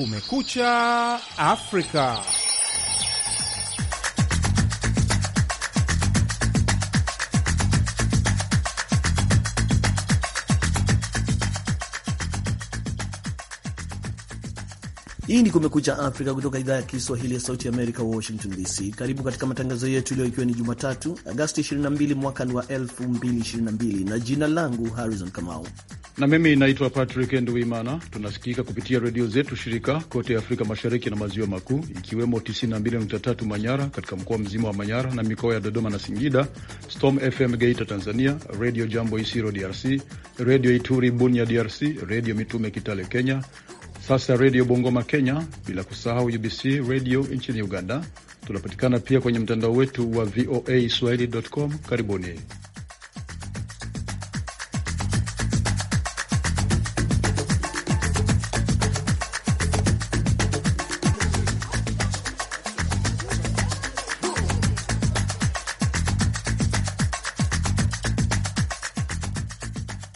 Kumekucha Afrika. Hii ni Kumekucha Afrika kutoka idhaa ya Kiswahili ya Sauti Amerika, Washington DC. Karibu katika matangazo yetu leo, ikiwa ni Jumatatu Agasti 22 mwaka wa 2022, na jina langu Harrison Kamau na mimi naitwa Patrick Nduimana. Tunasikika kupitia redio zetu shirika kote Afrika Mashariki na Maziwa Makuu, ikiwemo 92.3 Manyara katika mkoa mzima wa Manyara na mikoa ya Dodoma na Singida, Storm FM Geita Tanzania, Redio Jambo Isiro DRC, Redio Ituri Bunya DRC, Redio Mitume Kitale Kenya, sasa Redio Bongoma Kenya, bila kusahau UBC Redio nchini Uganda. Tunapatikana pia kwenye mtandao wetu wa VOA Swahili.com. Karibuni.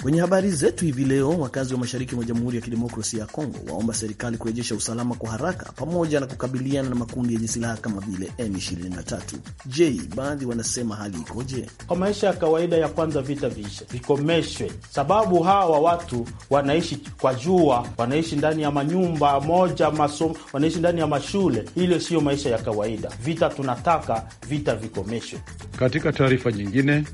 Kwenye habari zetu hivi leo, wakazi wa mashariki mwa Jamhuri ya Kidemokrasia ya Kongo waomba serikali kurejesha usalama kwa haraka pamoja na kukabiliana na makundi yenye silaha kama vile M23. Je, baadhi wanasema hali ikoje? Kwa maisha ya kawaida ya kwanza, vita viishe, vikomeshwe, sababu hawa watu wanaishi kwa jua, wanaishi ndani ya manyumba moja masomo, wanaishi ndani ya mashule. Hilo siyo maisha ya kawaida. Vita tunataka vita vikomeshwe. Katika taarifa nyingine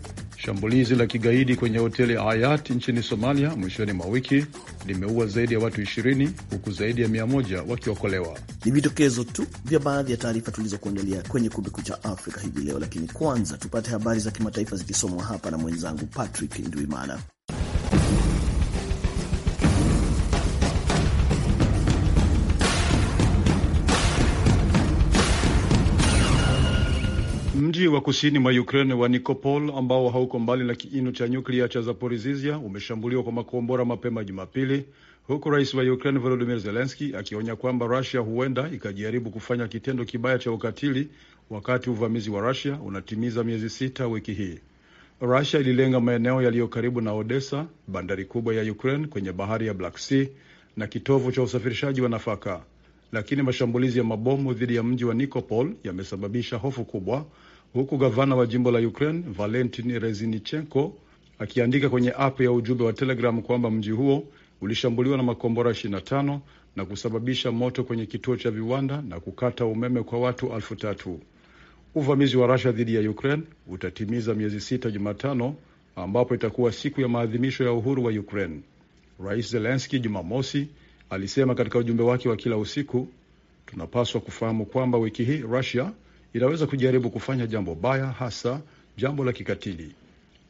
Shambulizi la kigaidi kwenye hoteli ya Hayat nchini Somalia mwishoni mwa wiki limeua zaidi ya watu 20 huku zaidi ya 100 wakiokolewa. Ni vitokezo tu vya baadhi ya taarifa tulizokuandalia kwenye Kumekucha Afrika hivi leo, lakini kwanza tupate habari za kimataifa zikisomwa hapa na mwenzangu Patrick Ndwimana. wa kusini mwa Ukraine wa Nikopol ambao hauko mbali na kiinu cha nyuklia cha Zaporizhia umeshambuliwa kwa makombora mapema Jumapili, huku rais wa Ukraine Volodymyr Zelensky akionya kwamba Russia huenda ikajaribu kufanya kitendo kibaya cha ukatili wakati uvamizi wa Russia unatimiza miezi sita wiki hii. Russia ililenga maeneo yaliyo karibu na Odessa, bandari kubwa ya Ukraine kwenye bahari ya Black Sea na kitovu cha usafirishaji wa nafaka, lakini mashambulizi ya mabomu dhidi ya mji wa Nikopol yamesababisha hofu kubwa huku gavana wa jimbo la Ukraine Valentin rezinichenko akiandika kwenye app ya ujumbe wa Telegram kwamba mji huo ulishambuliwa na makombora 25 na kusababisha moto kwenye kituo cha viwanda na kukata umeme kwa watu elfu tatu. Uvamizi wa Russia dhidi ya Ukraine utatimiza miezi sita Jumatano, ambapo itakuwa siku ya maadhimisho ya uhuru wa Ukraine. Rais Zelensky Jumamosi alisema katika ujumbe wake wa kila usiku, tunapaswa kufahamu kwamba wiki hii Russia inaweza kujaribu kufanya jambo baya, hasa jambo la kikatili.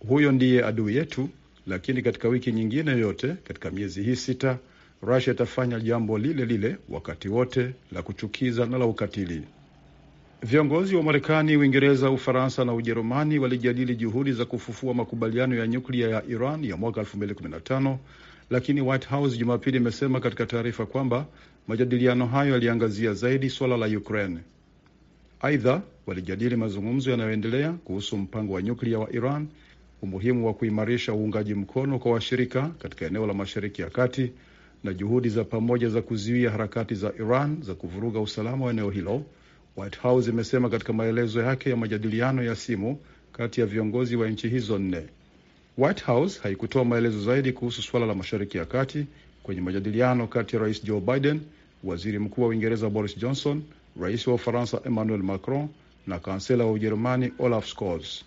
Huyo ndiye adui yetu. Lakini katika wiki nyingine yote katika miezi hii sita, Russia itafanya jambo lile lile wakati wote la kuchukiza na la ukatili. Viongozi wa Marekani, Uingereza, Ufaransa na Ujerumani walijadili juhudi za kufufua makubaliano ya nyuklia ya Iran ya mwaka 2015 lakini White House Jumapili imesema katika taarifa kwamba majadiliano hayo yaliangazia zaidi suala la Ukraine. Aidha, walijadili mazungumzo yanayoendelea kuhusu mpango wa nyuklia wa Iran, umuhimu wa kuimarisha uungaji mkono kwa washirika katika eneo la Mashariki ya Kati na juhudi za pamoja za kuzuia harakati za Iran za kuvuruga usalama wa eneo hilo, White House imesema katika maelezo yake ya majadiliano ya simu kati ya viongozi wa nchi hizo nne. White House haikutoa maelezo zaidi kuhusu suala la Mashariki ya Kati kwenye majadiliano kati ya Rais Joe Biden, Waziri Mkuu wa Uingereza Boris Johnson rais wa Ufaransa Emmanuel Macron na kansela wa Ujerumani Olaf Scholz.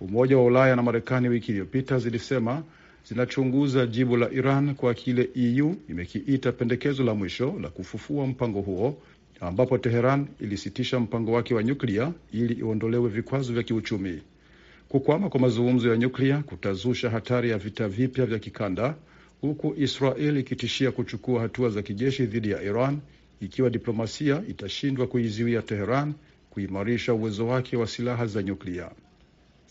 Umoja wa Ulaya na Marekani wiki iliyopita zilisema zinachunguza jibu la Iran kwa kile EU imekiita pendekezo la mwisho la kufufua mpango huo ambapo Teheran ilisitisha mpango wake wa nyuklia ili iondolewe vikwazo vya kiuchumi. Kukwama kwa mazungumzo ya nyuklia kutazusha hatari ya vita vipya vya kikanda, huku Israel ikitishia kuchukua hatua za kijeshi dhidi ya Iran ikiwa diplomasia itashindwa kuizuia Teheran kuimarisha uwezo wake wa silaha za nyuklia.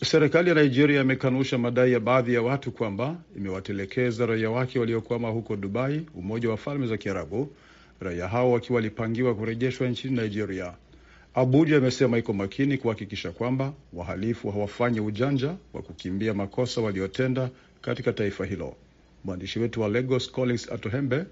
Serikali ya Nigeria imekanusha madai ya baadhi ya watu kwamba imewatelekeza raia wake waliokwama huko Dubai, Umoja wa Falme za Kiarabu, raia hao wakiwa walipangiwa kurejeshwa nchini Nigeria. Abuja amesema iko makini kuhakikisha kwamba wahalifu hawafanyi ujanja wa kukimbia makosa waliotenda katika taifa hilo. Mwandishi wetu wa Lagos Collins Atohembe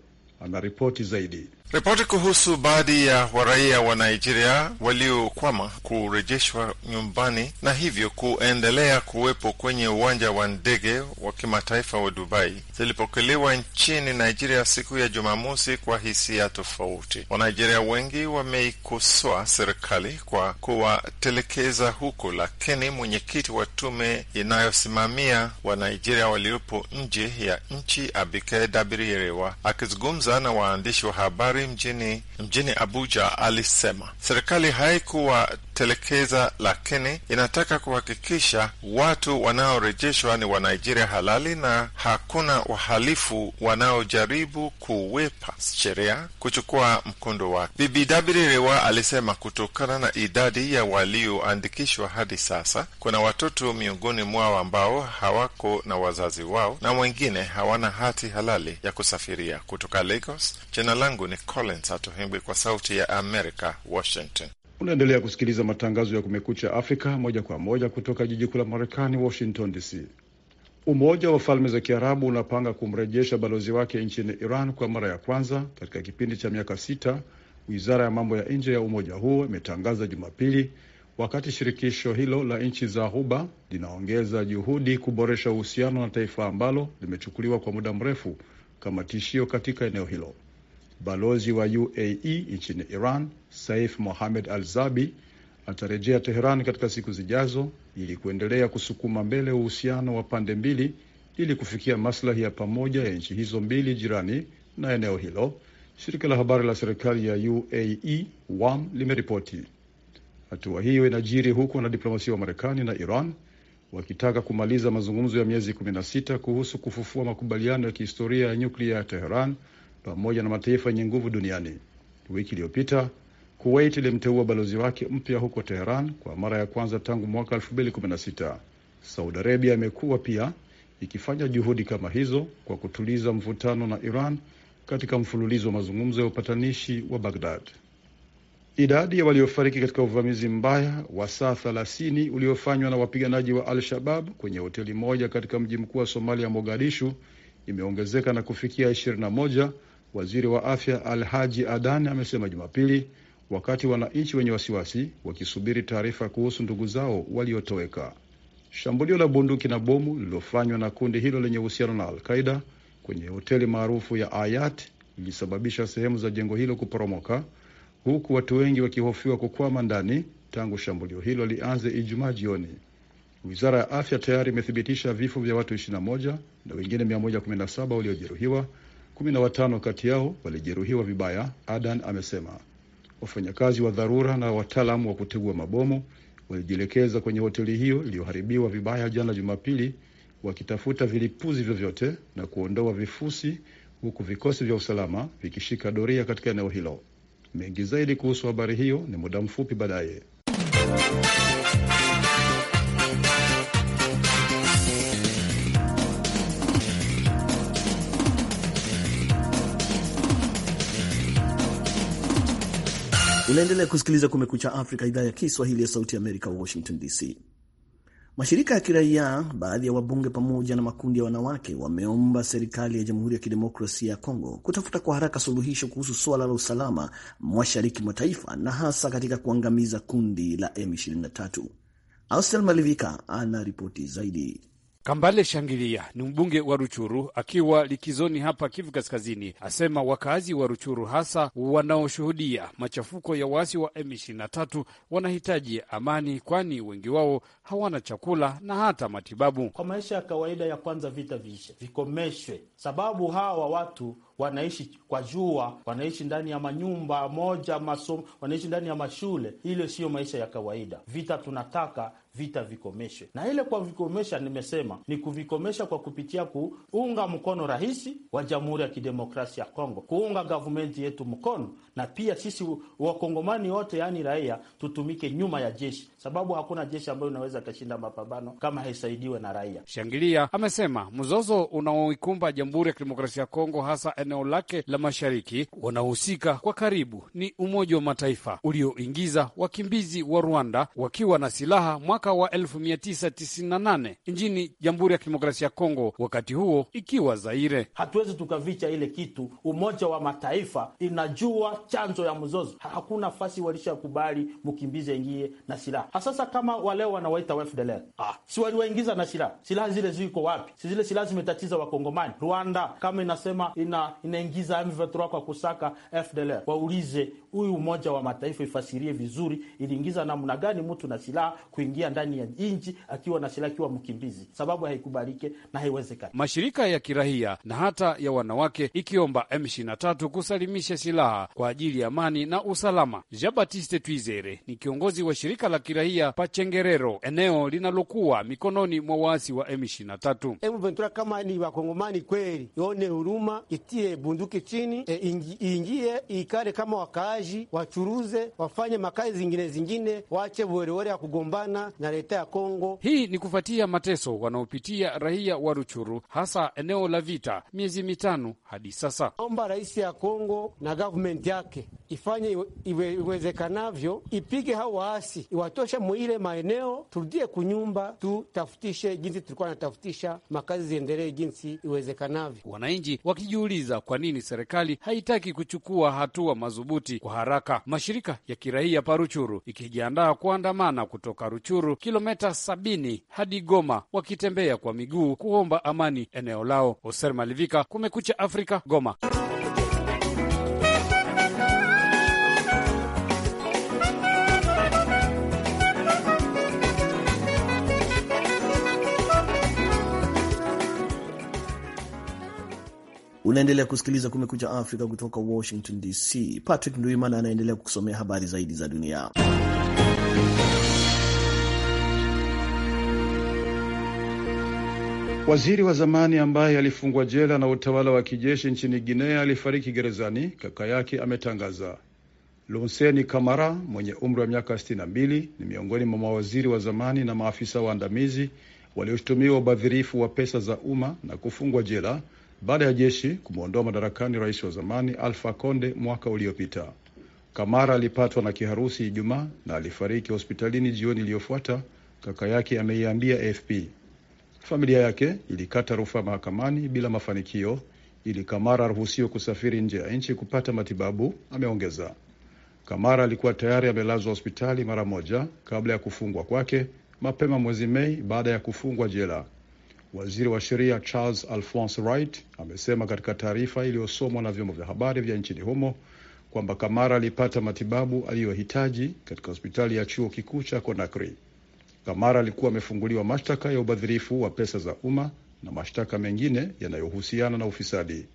ripoti zaidi. Ripoti kuhusu baadhi ya waraia wa Nigeria waliokwama kurejeshwa nyumbani na hivyo kuendelea kuwepo kwenye uwanja wa ndege wa kimataifa wa Dubai zilipokelewa nchini Nigeria siku ya Jumamosi kwa hisia tofauti. Wanigeria wengi wameikosoa serikali kwa kuwatelekeza huko, lakini mwenyekiti wa tume inayosimamia Wanigeria waliopo nje ya nchi Abike Dabirirewa akizungumza akizungumza na waandishi wa habari mjini, mjini Abuja alisema serikali haikuwa telekeza lakini inataka kuhakikisha watu wanaorejeshwa ni wanijeria halali na hakuna wahalifu wanaojaribu kuwepa sheria kuchukua mkondo wake. Bibi alisema kutokana na idadi ya walioandikishwa hadi sasa, kuna watoto miongoni mwao ambao hawako na wazazi wao na wengine hawana hati halali ya kusafiria. Kutoka Lagos, jina langu ni Collins Atohengwi kwa Sauti ya Amerika, Washington. Unaendelea kusikiliza matangazo ya Kumekucha Afrika moja kwa moja kutoka jiji kuu la Marekani, Washington DC. Umoja wa Falme za Kiarabu unapanga kumrejesha balozi wake nchini Iran kwa mara ya kwanza katika kipindi cha miaka sita, wizara ya mambo ya nje ya umoja huo imetangaza Jumapili, wakati shirikisho hilo la nchi za Ghuba linaongeza juhudi kuboresha uhusiano na taifa ambalo limechukuliwa kwa muda mrefu kama tishio katika eneo hilo. Balozi wa UAE nchini Iran Saif Mohamed Al-Zabi atarejea Teheran katika siku zijazo ili kuendelea kusukuma mbele uhusiano wa pande mbili ili kufikia maslahi ya pamoja ya nchi hizo mbili jirani na eneo hilo, shirika la habari la serikali ya UAE WAM limeripoti. Hatua hiyo inajiri huku wanadiplomasia wa Marekani na Iran wakitaka kumaliza mazungumzo ya miezi 16 kuhusu kufufua makubaliano ya kihistoria ya nyuklia ya Teheran pamoja na mataifa yenye nguvu duniani. Wiki iliyopita Kuwait ilimteua balozi wake mpya huko Teheran kwa mara ya kwanza tangu mwaka 2016. Saudi Arabia imekuwa pia ikifanya juhudi kama hizo kwa kutuliza mvutano na Iran katika mfululizo wa mazungumzo ya upatanishi wa Baghdad. Idadi ya waliofariki katika uvamizi mbaya wa saa 30 uliofanywa na wapiganaji wa Al-Shabab kwenye hoteli moja katika mji mkuu wa Somalia, Mogadishu, imeongezeka na kufikia 21 Waziri wa afya al haji Adan amesema Jumapili, wakati wananchi wenye wasiwasi wakisubiri taarifa kuhusu ndugu zao waliotoweka. Shambulio la bunduki na bomu lililofanywa na kundi hilo lenye uhusiano na Alqaida kwenye hoteli maarufu ya Ayat lilisababisha sehemu za jengo hilo kuporomoka huku watu wengi wakihofiwa kukwama ndani tangu shambulio hilo lianze Ijumaa jioni. Wizara ya afya tayari imethibitisha vifo vya watu 21 na wengine 117 waliojeruhiwa kumi na watano kati yao walijeruhiwa vibaya, Adan amesema. Wafanyakazi wa dharura na wataalamu wa kutegua mabomu walijielekeza kwenye hoteli hiyo iliyoharibiwa vibaya jana Jumapili, wakitafuta vilipuzi vyovyote na kuondoa vifusi, huku vikosi vya usalama vikishika doria katika eneo hilo. Mengi zaidi kuhusu habari hiyo ni muda mfupi baadaye. Unaendelea kusikiliza Kumekucha Afrika, idhaa ya Kiswahili ya Sauti Amerika, Washington DC. Mashirika ya kiraia, baadhi ya wabunge pamoja na makundi ya wanawake wameomba serikali ya Jamhuri ya Kidemokrasia ya Kongo kutafuta kwa haraka suluhisho kuhusu suala la usalama mashariki mwa taifa na hasa katika kuangamiza kundi la M23. Austel Malivika ana ripoti zaidi. Kambale Shangilia ni mbunge wa Ruchuru akiwa likizoni hapa Kivu Kaskazini, asema wakazi wa Ruchuru hasa wanaoshuhudia machafuko ya waasi wa M23 wanahitaji amani, kwani wengi wao hawana chakula na hata matibabu. Kwa maisha ya kawaida ya kwanza, vita viishe, vikomeshwe, sababu hawa watu wanaishi kwa jua, wanaishi ndani ya manyumba moja masomo, wanaishi ndani ya mashule. Ile siyo maisha ya kawaida. Vita tunataka vita vikomeshwe, na ile kwa vikomesha, nimesema ni kuvikomesha kwa kupitia kuunga mkono rais wa Jamhuri ya Kidemokrasia ya Kongo, kuunga gavumenti yetu mkono, na pia sisi wakongomani wote, yaani raia, tutumike nyuma ya jeshi, sababu hakuna jeshi ambayo inaweza ikashinda mapambano kama haisaidiwe na raia. Shangilia amesema mzozo unaoikumba Jamhuri ya Kidemokrasia ya Kongo hasa eneo lake la mashariki, wanahusika kwa karibu ni Umoja wa Mataifa ulioingiza wakimbizi wa Rwanda wakiwa na silaha mwaka wa 1998 nchini Jamhuri ya Kidemokrasia ya Kongo, wakati huo ikiwa Zaire. Hatuwezi tukavicha ile kitu. Umoja wa Mataifa inajua chanzo ya mzozo. Hakuna fasi walishakubali mkimbizi aingie na silaha. Sasa kama waleo wanawaita FDLR, ah, si waliwaingiza na silaha? Silaha zile ziko wapi? Si zile silaha zimetatiza Wakongomani? Rwanda kama inasema ina inaingiza M23 kwa kusaka FDLR. Waulize huyu Umoja wa Mataifa ifasirie vizuri, iliingiza namna gani mtu na silaha kuingia ndani ya nchi akiwa na silaha, akiwa mkimbizi, sababu haikubalike na haiwezekani. Mashirika ya kirahia na hata ya wanawake ikiomba M23 kusalimisha silaha kwa ajili ya amani na usalama. Jean Baptiste Twizere ni kiongozi wa shirika la kirahia Pachengerero, eneo linalokuwa mikononi mwa waasi wa M23. M23 kama ni wakongomani kweli, ione huruma itie itie bunduki chini e, ingie ikale kama wakaaji, wachuruze, wafanye makazi zingine zingine, wache werewere ya kugombana na leta ya Kongo. Hii ni kufuatia mateso wanaopitia raia wa Ruchuru, hasa eneo la vita, miezi mitano hadi sasa. Omba rais ya Kongo na gavumenti yake ifanye iwezekanavyo, ipige hao waasi, iwatoshe muile maeneo, turudie kunyumba, tutafutishe jinsi tulikuwa natafutisha makazi, ziendelee jinsi iwezekanavyo, wananchi wakijiuliza kujiuliza kwa nini serikali haitaki kuchukua hatua madhubuti kwa haraka. Mashirika ya kiraia pa Ruchuru ikijiandaa kuandamana kutoka Ruchuru kilometa sabini hadi Goma, wakitembea kwa miguu kuomba amani eneo lao. Hoser Malivika, Kumekucha Afrika, Goma. Unaendelea kusikiliza Kumekucha Afrika kutoka Washington DC. Patrick Ndwimana anaendelea kukusomea habari zaidi za dunia. Waziri wa zamani ambaye alifungwa jela na utawala wa kijeshi nchini Guinea alifariki gerezani, kaka yake ametangaza. Lunseni Kamara mwenye umri wa miaka 62 ni miongoni mwa mawaziri wa zamani na maafisa waandamizi walioshutumiwa ubadhirifu wa pesa za umma na kufungwa jela baada ya jeshi kumwondoa madarakani rais wa zamani alfa Konde mwaka uliopita. Kamara alipatwa na kiharusi Ijumaa na alifariki hospitalini jioni iliyofuata, kaka yake ameiambia AFP. Familia yake ilikata rufaa mahakamani bila mafanikio ili Kamara aruhusiwe kusafiri nje ya nchi kupata matibabu, ameongeza. Kamara alikuwa tayari amelazwa hospitali mara moja kabla ya kufungwa kwake mapema mwezi Mei baada ya kufungwa jela. Waziri wa sheria Charles Alphonse Wright amesema katika taarifa iliyosomwa na vyombo vya habari vya nchini humo kwamba Kamara alipata matibabu aliyohitaji katika hospitali ya chuo kikuu cha Conakry. Kamara alikuwa amefunguliwa mashtaka ya ubadhirifu wa pesa za umma na mashtaka mengine yanayohusiana na ufisadi.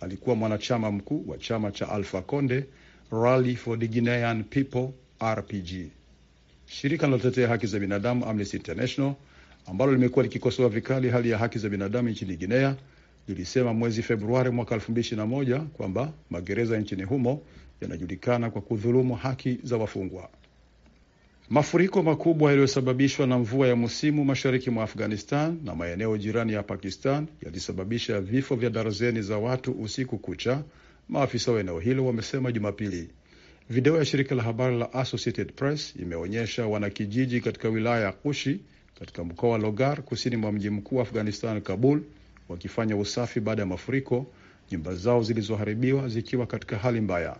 Alikuwa mwanachama mkuu wa chama cha Alpha Conde Rally for the Guinean People, RPG. Shirika linalotetea haki za binadamu Amnesty International ambalo limekuwa likikosoa vikali hali ya haki za binadamu nchini Guinea lilisema mwezi Februari mwaka 2021 kwamba magereza nchini humo yanajulikana kwa kudhulumu haki za wafungwa. Mafuriko makubwa yaliyosababishwa na mvua ya msimu mashariki mwa Afghanistan na maeneo jirani ya Pakistan yalisababisha vifo vya darazeni za watu usiku kucha, maafisa wa eneo hilo wamesema Jumapili. Video ya shirika la habari la Associated Press imeonyesha wanakijiji katika wilaya ya Kushi katika mkoa wa Logar kusini mwa mji mkuu wa Afghanistan, Kabul, wakifanya usafi baada ya mafuriko, nyumba zao zilizoharibiwa zikiwa katika hali mbaya.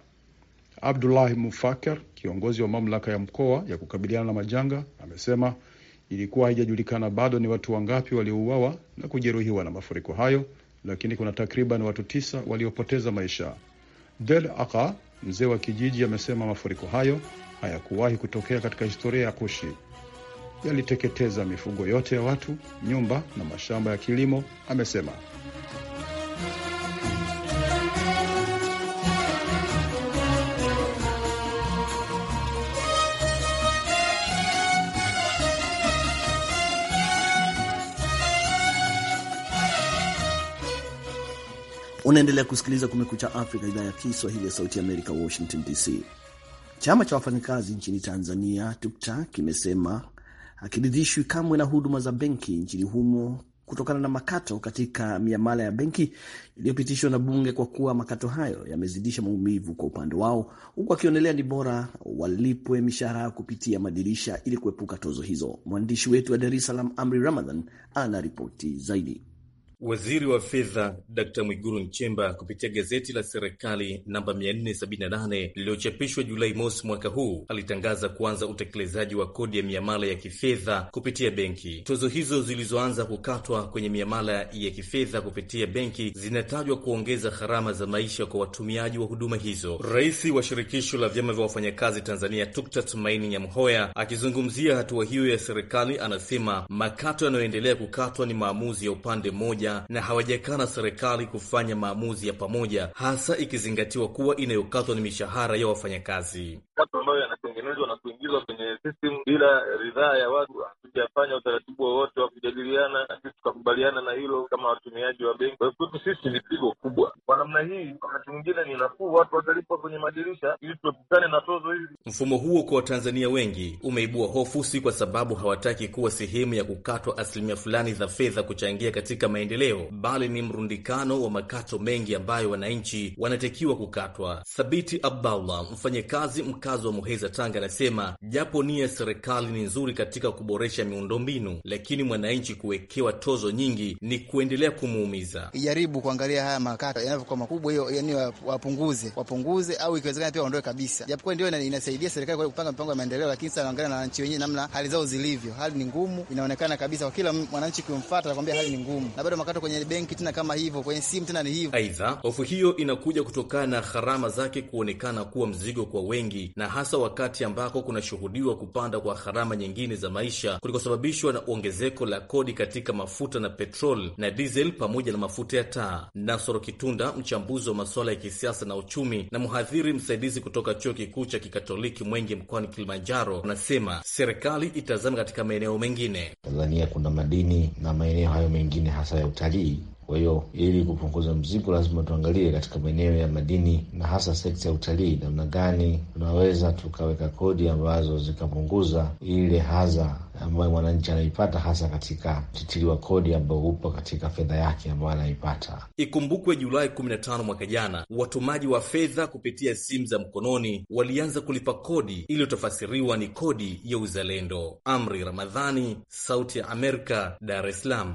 Abdullahi Mufaker, kiongozi wa mamlaka ya mkoa ya kukabiliana na majanga, amesema ilikuwa haijajulikana bado ni watu wangapi waliouawa na kujeruhiwa na mafuriko hayo, lakini kuna takriban watu tisa waliopoteza maisha. Del Aka, mzee wa kijiji, amesema mafuriko hayo hayakuwahi kutokea katika historia ya Kushi yaliteketeza mifugo yote ya watu, nyumba na mashamba ya kilimo, amesema. Unaendelea kusikiliza Kumekucha Afrika, idhaa ya Kiswahili ya Sauti Amerika, Washington DC. Chama cha wafanyakazi nchini Tanzania, TUKTA, kimesema hakiridhishwi kamwe na huduma za benki nchini humo kutokana na makato katika miamala ya benki iliyopitishwa na bunge kwa kuwa makato hayo yamezidisha maumivu kwa upande wao, huku akionelea ni bora walipwe mishahara kupitia madirisha ili kuepuka tozo hizo. Mwandishi wetu wa Dar es Salaam, Amri Ramadhan, ana ripoti zaidi. Waziri wa Fedha d Mwiguru Nchemba kupitia gazeti la serikali namba 478 lililochapishwa Julai mosi mwaka huu alitangaza kuanza utekelezaji wa kodi ya miamala ya kifedha kupitia benki. Tozo hizo zilizoanza kukatwa kwenye miamala ya kifedha kupitia benki zinatajwa kuongeza gharama za maisha kwa watumiaji wa huduma hizo. Rais wa shirikisho la vyama vya wafanyakazi Tanzania Tukta Tumaini Nyamhoya akizungumzia hatua hiyo ya serikali anasema makato yanayoendelea kukatwa ni maamuzi ya upande mmoja pamoja na hawajakana serikali kufanya maamuzi ya pamoja, hasa ikizingatiwa kuwa inayokatwa ni mishahara ya wafanyakazi ambayo yanatengenezwa na kuingizwa kwenye system bila ridhaa ya watu. Hatujafanya utaratibu wowote wa kujadiliana, sisi tukakubaliana na hilo kama watumiaji wa benki. Kwa hiyo kwetu sisi ni pigo kubwa. Kwa namna hii, wakati mwingine ni nafuu, watu watalipwa kwenye madirisha ili tuepukane na tozo hili. Mfumo huo kwa Watanzania wengi umeibua hofu, si kwa sababu hawataki kuwa sehemu ya kukatwa asilimia fulani za fedha kuchangia katika maendeleo, bali ni mrundikano wa makato mengi ambayo wananchi wanatakiwa kukatwa. Thabiti Abdallah, mfanyakazi mkazi wa Muheza, Tanga, anasema japo nia ya serikali ni nzuri katika kuboresha miundombinu, lakini mwananchi kuwekewa tozo nyingi ni kuendelea kumuumiza. ijaribu kuangalia haya makato nayo kwa makubwa hiyo, yani wapunguze, wapunguze au ikiwezekana pia waondoe kabisa, japokuwa ndio inasaidia serikali kupanga mipango ya maendeleo, lakini sasa naangalia na wananchi wenyewe, namna hali zao zilivyo. Hali ni ngumu, inaonekana kabisa kwa kila mwananchi kimfuata, nakwambia hali ni ngumu, na bado makato kwenye benki tena kama hivyo, kwenye simu tena ni hivyo. Aidha, hofu hiyo inakuja kutokana na gharama zake kuonekana kuwa mzigo kwa wengi, na hasa wakati ambako kunashuhudiwa kupanda kwa gharama nyingine za maisha kulikosababishwa na ongezeko la kodi katika mafuta na petrol na diesel pamoja na mafuta ya taa. Nasoro Kitunda mchambuzi wa masuala ya kisiasa na uchumi na mhadhiri msaidizi kutoka chuo kikuu cha kikatoliki Mwenge mkoani Kilimanjaro, anasema serikali itazama katika maeneo mengine. Tanzania kuna madini na maeneo hayo mengine hasa ya utalii kwa hiyo ili kupunguza mzigo, lazima tuangalie katika maeneo ya madini na hasa sekta ya utalii, namna gani tunaweza tukaweka kodi ambazo zikapunguza ile hadha ambayo mwananchi anaipata hasa katika titili wa kodi ambao upo katika fedha yake ambayo anaipata. Ikumbukwe Julai 15 mwaka jana, watumaji wa fedha kupitia simu za mkononi walianza kulipa kodi iliyotafasiriwa ni kodi ya uzalendo. Amri Ramadhani, Sauti ya Amerika, Dar es Salaam.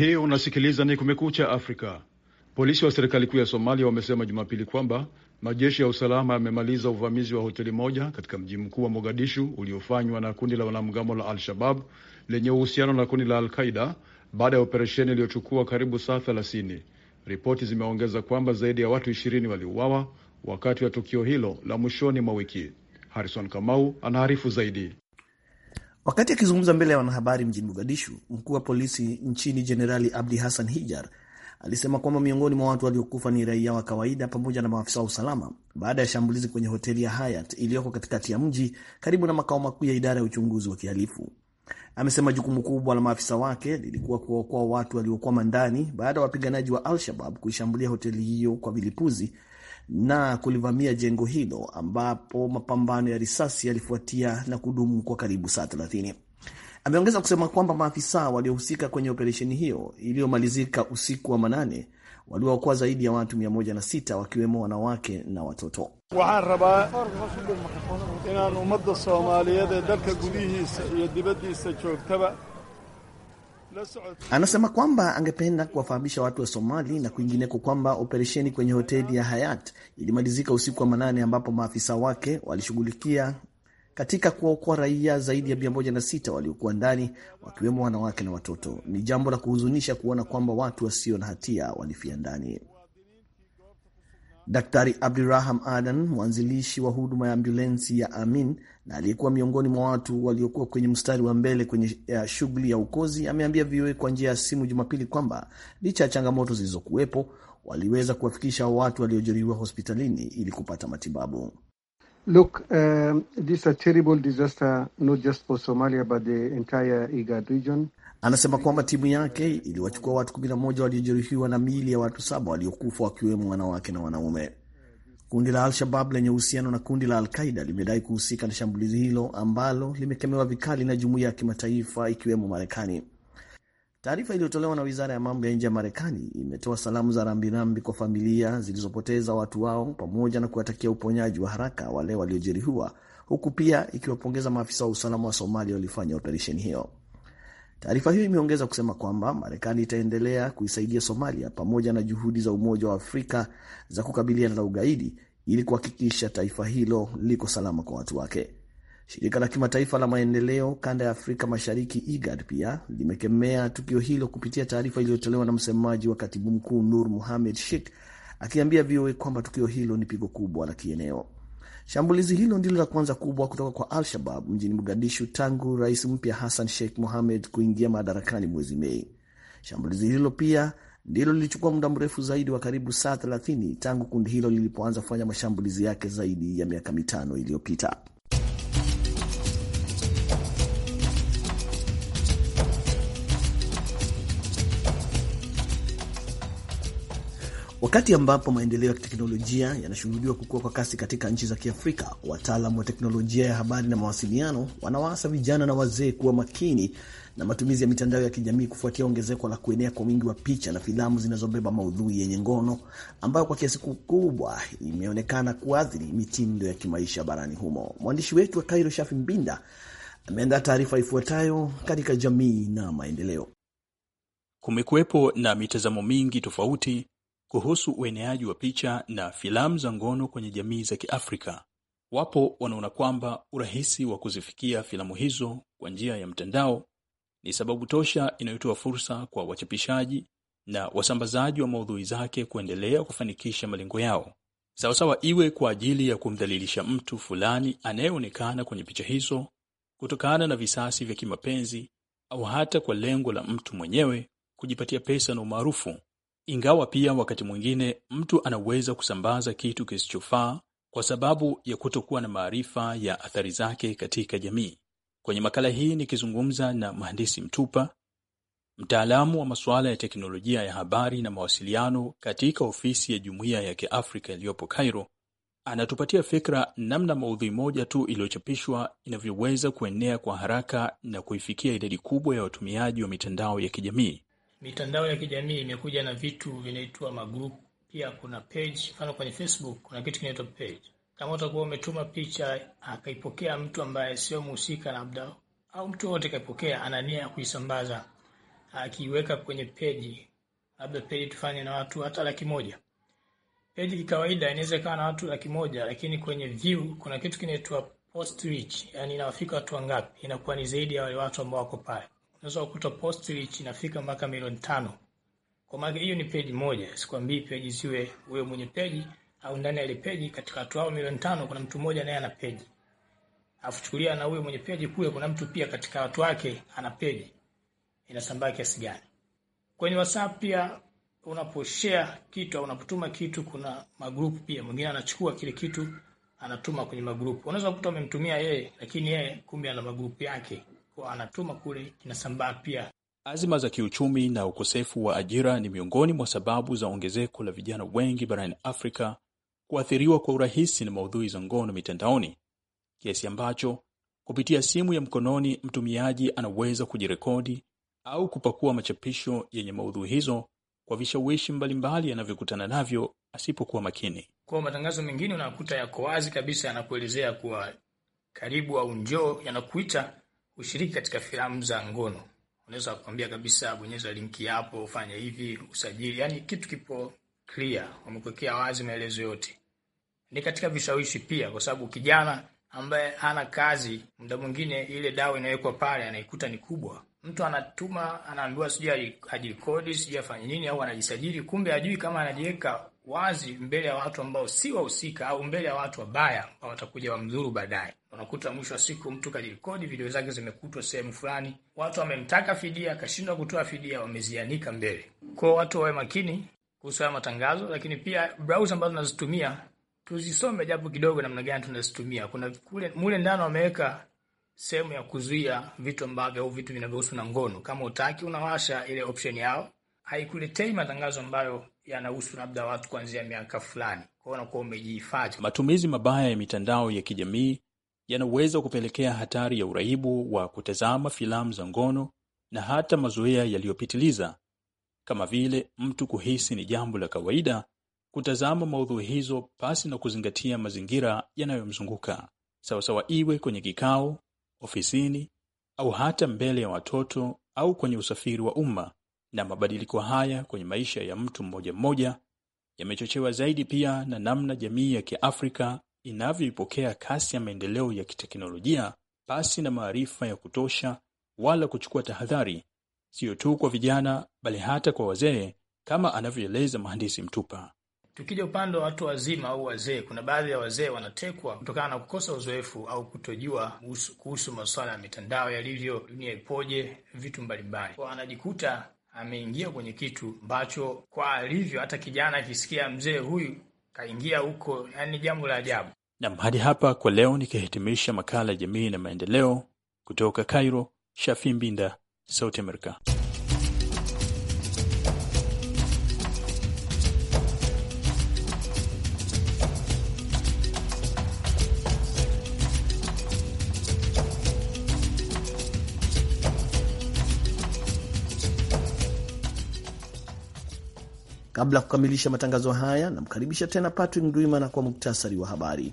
hii unasikiliza ni Kumekucha Afrika. Polisi wa serikali kuu ya Somalia wamesema Jumapili kwamba majeshi ya usalama yamemaliza uvamizi wa hoteli moja katika mji mkuu wa Mogadishu uliofanywa na kundi la wanamgambo la Al-Shabab lenye uhusiano na kundi la Al-Qaida baada ya operesheni iliyochukua karibu saa 30. Ripoti zimeongeza kwamba zaidi ya watu 20 waliuawa wakati wa tukio hilo la mwishoni mwa wiki. Harrison Kamau anaarifu zaidi. Wakati akizungumza mbele ya wanahabari mjini Mogadishu, mkuu wa polisi nchini Jenerali Abdi Hassan Hijar alisema kwamba miongoni mwa watu waliokufa ni raia wa kawaida pamoja na maafisa wa usalama baada ya shambulizi kwenye hoteli ya Hayat iliyoko katikati ya mji karibu na makao makuu ya idara ya uchunguzi wa kihalifu. Amesema jukumu kubwa la maafisa wake lilikuwa kuwaokoa watu waliokwama ndani baada ya wapiganaji wa Al-Shabab kuishambulia hoteli hiyo kwa vilipuzi na kulivamia jengo hilo ambapo mapambano ya risasi yalifuatia na kudumu kwa karibu saa thelathini. Ameongeza kusema kwamba maafisa waliohusika kwenye operesheni hiyo iliyomalizika usiku wa manane waliwaokoa zaidi ya watu 106 wakiwemo wanawake na watoto. Waxaan rabaa inaan ummadda Soomaaliyeed ee dalka gudihiisa iyo dibaddiisa joogtaba Anasema kwamba angependa kuwafahamisha watu wa Somali na kwingineko kwamba operesheni kwenye hoteli ya Hayat ilimalizika usiku wa manane, ambapo maafisa wake walishughulikia katika kuwaokoa raia zaidi ya 106 waliokuwa ndani, wakiwemo wanawake na watoto. Ni jambo la kuhuzunisha kuona kwamba watu wasio na hatia walifia ndani. Daktari Abdiraham Adan, mwanzilishi wa huduma ya ambulensi ya Amin na aliyekuwa miongoni mwa watu waliokuwa kwenye mstari wa mbele kwenye shughuli ya ukozi, ameambia VOA kwa njia ya simu Jumapili kwamba licha ya changamoto zilizokuwepo, waliweza kuwafikisha watu waliojeruhiwa hospitalini ili kupata matibabu. Look, um, this is a terrible disaster, not just for Somalia, but the entire IGAD region. Anasema kwamba timu yake iliwachukua watu 11 waliojeruhiwa na miili ya watu saba waliokufa wakiwemo wanawake na wanaume. Kundi la Al-Shabab lenye uhusiano na kundi la Al-Qaida limedai kuhusika na shambulizi hilo ambalo limekemewa vikali na jumuiya ya kimataifa ikiwemo Marekani. Taarifa iliyotolewa na wizara ya mambo ya nje ya Marekani imetoa salamu za rambirambi kwa familia zilizopoteza watu wao pamoja na kuwatakia uponyaji wa haraka wale waliojeruhiwa, huku pia ikiwapongeza maafisa wa usalama wa Somalia waliofanya operesheni hiyo. Taarifa hiyo imeongeza kusema kwamba Marekani itaendelea kuisaidia Somalia pamoja na juhudi za Umoja wa Afrika za kukabiliana na ugaidi ili kuhakikisha taifa hilo liko salama kwa watu wake. Shirika la kimataifa la maendeleo kanda ya Afrika Mashariki, IGAD, pia limekemea tukio hilo kupitia taarifa iliyotolewa na msemaji wa katibu mkuu Nur Muhamed Sheikh akiambia VOA kwamba tukio hilo ni pigo kubwa la kieneo. Shambulizi hilo ndilo la kwanza kubwa kutoka kwa Al-Shabab mjini Mogadishu tangu rais mpya Hassan Sheikh Mohamed kuingia madarakani mwezi Mei. Shambulizi hilo pia ndilo lilichukua muda mrefu zaidi wa karibu saa 30 tangu kundi hilo lilipoanza kufanya mashambulizi yake zaidi ya miaka mitano iliyopita. Wakati ambapo maendeleo ya teknolojia yanashuhudiwa kukua kwa kasi katika nchi za Kiafrika, wataalam wa teknolojia ya habari na mawasiliano wanawaasa vijana na wazee kuwa makini na matumizi ya mitandao ya kijamii kufuatia ongezeko la kuenea kwa wingi wa picha na filamu zinazobeba maudhui yenye ngono ambayo kwa kiasi kikubwa imeonekana kuathiri mitindo ya kimaisha barani humo. Mwandishi wetu wa Kairo, Shafi Mbinda, ameandaa taarifa ifuatayo katika jamii na maendeleo. Kumekuwepo na mitazamo mingi tofauti kuhusu ueneaji wa picha na filamu za ngono kwenye jamii za Kiafrika. Wapo wanaona kwamba urahisi wa kuzifikia filamu hizo kwa njia ya mtandao ni sababu tosha inayotoa fursa kwa wachapishaji na wasambazaji wa maudhui zake kuendelea kufanikisha malengo yao, sawasawa iwe kwa ajili ya kumdhalilisha mtu fulani anayeonekana kwenye picha hizo kutokana na visasi vya kimapenzi au hata kwa lengo la mtu mwenyewe kujipatia pesa na umaarufu ingawa pia wakati mwingine mtu anaweza kusambaza kitu kisichofaa kwa sababu ya kutokuwa na maarifa ya athari zake katika jamii. Kwenye makala hii nikizungumza na mhandisi Mtupa, mtaalamu wa masuala ya teknolojia ya habari na mawasiliano katika ofisi ya jumuiya ya Kiafrika iliyopo Cairo, anatupatia fikra namna maudhui moja tu iliyochapishwa inavyoweza kuenea kwa haraka na kuifikia idadi kubwa ya watumiaji wa mitandao ya kijamii mitandao ya kijamii imekuja na vitu vinaitwa magroup. pia kuna page. Mfano kwenye Facebook kuna kitu kinaitwa page. Kama utakuwa umetuma picha akaipokea mtu ambaye sio mhusika, labda au mtu wote kaipokea, ana nia ya kuisambaza, akiiweka kwenye peji, labda peji tufanye na watu hata laki moja peji kikawaida inaweza ikawa na watu laki moja lakini kwenye view kuna kitu kinaitwa post reach, yani inawafika watu wangapi, inakuwa ni zaidi ya wale watu ambao wako pale unaweza kukuta posti inafika mpaka milioni tano. Kwa maana hiyo ni peji moja, sikwambii peji ziwe wewe mwenye peji au ndani ya ile peji, katika watu hao milioni tano kuna mtu mmoja naye ana peji, afu chukulia na huyo mwenye peji kule kuna mtu pia katika watu wake ana peji, inasambaa kiasi gani? Kwenye WhatsApp pia unaposhare kitu au unapotuma kitu, kuna magrupu pia, mwingine anachukua kile kitu anatuma kwenye magrupu. Unaweza kukuta umemtumia yeye, lakini yeye kumbe ana magrupu yake kwa anatuma kule inasambaa pia. Azima za kiuchumi na ukosefu wa ajira ni miongoni mwa sababu za ongezeko la vijana wengi barani Afrika kuathiriwa kwa urahisi na maudhui za ngono mitandaoni, kiasi ambacho kupitia simu ya mkononi mtumiaji anaweza kujirekodi au kupakua machapisho yenye maudhui hizo kwa vishawishi mbalimbali anavyokutana navyo asipokuwa makini. Kwa matangazo mengine unakuta yako wazi kabisa, yanakuelezea kuwa karibu au njoo, yanakuita ushiriki katika filamu za ngono, unaweza kukwambia kabisa, bonyeza linki hapo, ufanye hivi, usajili. Yani kitu kipo clear, wamekuwekea wazi maelezo yote. Ni katika vishawishi pia, kwa sababu kijana ambaye hana kazi, muda mwingine ile dawa inawekwa pale, anaikuta ni kubwa. Mtu anatuma, anaambiwa sijui ajirekodi, sijui afanye nini, au anajisajili, kumbe ajui kama anajiweka wazi mbele ya watu ambao si wahusika au mbele ya watu wabaya ambao watakuja wamdhuru baadaye. Unakuta mwisho wa siku mtu kajirekodi, video zake zimekutwa sehemu fulani, watu wamemtaka fidia, akashindwa kutoa fidia, wamezianika mbele kwao. Watu wawe makini kuhusu haya matangazo, lakini pia browser ambazo tunazitumia tuzisome japo kidogo, namna gani tunazitumia. Kuna kule mule ndani wameweka sehemu ya kuzuia vitu ambavyo au vitu vinavyohusu na ngono. Kama utaki unawasha ile option yao, haikuletei matangazo ambayo yanahusu labda watu kuanzia miaka fulani, kwao unakuwa umejihifadhi. Matumizi mabaya ya mitandao ya kijamii yanaweza kupelekea hatari ya uraibu wa kutazama filamu za ngono na hata mazoea yaliyopitiliza kama vile mtu kuhisi ni jambo la kawaida kutazama maudhui hizo pasi na kuzingatia mazingira yanayomzunguka sawasawa, iwe kwenye kikao, ofisini au hata mbele ya watoto au kwenye usafiri wa umma na mabadiliko haya kwenye maisha ya mtu mmoja mmoja yamechochewa zaidi pia na namna jamii ya Kiafrika inavyoipokea kasi ya maendeleo ya kiteknolojia pasi na maarifa ya kutosha wala kuchukua tahadhari, siyo tu kwa vijana, bali hata kwa wazee, kama anavyoeleza Mhandisi Mtupa. Tukija upande wa watu wazima au wazee, kuna baadhi ya wazee wanatekwa kutokana na kukosa uzoefu au kutojua kuhusu masuala ya mitandao yalivyo, dunia ipoje, vitu mbalimbali, wanajikuta ameingia kwenye kitu ambacho kwa alivyo, hata kijana akisikia mzee huyu kaingia huko, yani jambo la ajabu. Nam, hadi hapa kwa leo, nikihitimisha makala ya jamii na maendeleo kutoka Cairo. Shafi Mbinda, Sauti Amerika. Kabla ya kukamilisha matangazo haya, namkaribisha tena Patrick Ndwimana kwa muktasari wa habari.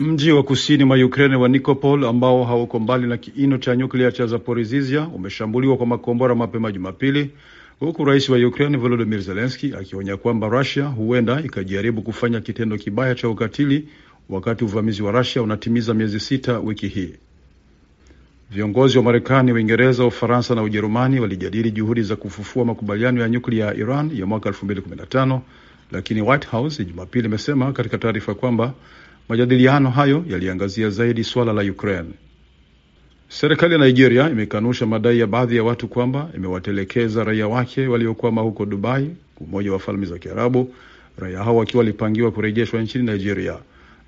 Mji wa kusini mwa Ukraine wa Nikopol ambao hauko mbali na kiino cha nyuklia cha zaporizizia umeshambuliwa kwa makombora mapema Jumapili, huku rais wa Ukraine Volodymyr Zelensky akionya kwamba Russia huenda ikajaribu kufanya kitendo kibaya cha ukatili wakati uvamizi wa Russia unatimiza miezi sita wiki hii. Viongozi wa Marekani, Uingereza, Ufaransa na Ujerumani walijadili juhudi za kufufua makubaliano ya nyuklia ya Iran ya mwaka 2015 lakini White House Jumapili imesema katika taarifa kwamba majadiliano hayo yaliangazia zaidi suala la Ukraine. Serikali ya Nigeria imekanusha madai ya baadhi ya watu kwamba imewatelekeza raia wake waliokwama huko Dubai, Umoja wa Falme za Kiarabu. Raia hao wakiwa walipangiwa kurejeshwa nchini Nigeria.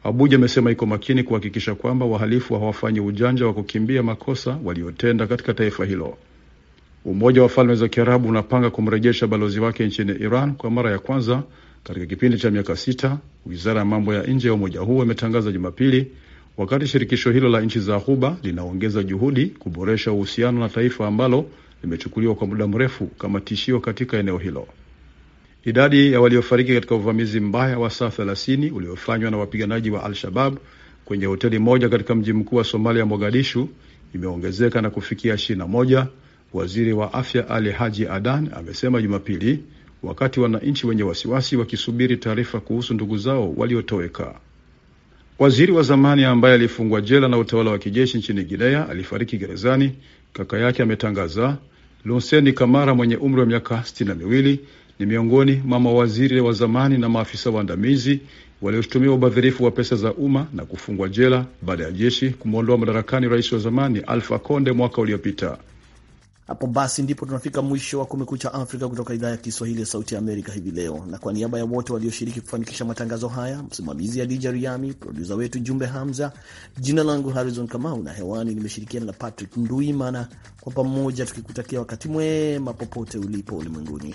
Abuja amesema iko makini kuhakikisha kwamba wahalifu hawafanyi ujanja wa kukimbia makosa waliotenda katika taifa hilo. Umoja wa Falme za Kiarabu unapanga kumrejesha balozi wake nchini Iran kwa mara ya kwanza katika kipindi cha miaka sita, wizara ya mambo ya nje ya umoja huo imetangaza Jumapili, wakati shirikisho hilo la nchi za Ghuba linaongeza juhudi kuboresha uhusiano na taifa ambalo limechukuliwa kwa muda mrefu kama tishio katika eneo hilo. Idadi ya waliofariki katika uvamizi mbaya wa saa thelathini uliofanywa na wapiganaji wa Al-Shabab kwenye hoteli moja katika mji mkuu wa Somalia, Mogadishu, imeongezeka na kufikia ishirini na moja. Waziri wa afya Ali Haji Adan amesema Jumapili, wakati wananchi wenye wasiwasi wakisubiri taarifa kuhusu ndugu zao waliotoweka. Waziri wa zamani ambaye alifungwa jela na utawala wa kijeshi nchini Guinea alifariki gerezani, kaka yake ametangaza. Lunseni Kamara mwenye umri wa miaka sitini na miwili ni miongoni mwa mawaziri wa zamani na maafisa waandamizi walioshutumiwa ubadhirifu wa pesa za umma na kufungwa jela baada ya jeshi kumwondoa madarakani rais wa zamani alfa Konde mwaka uliopita. Hapo basi ndipo tunafika mwisho wa Kumekucha Afrika kutoka idhaa ya Kiswahili ya Sauti ya Amerika hivi leo, na kwa niaba ya wote walioshiriki kufanikisha matangazo haya, msimamizi ya Dija Riami, produsa wetu Jumbe Hamza, jina langu Harrison Kamau na hewani nimeshirikiana na Patrick Nduimana, kwa pamoja tukikutakia wakati mwema popote ulipo ulimwenguni.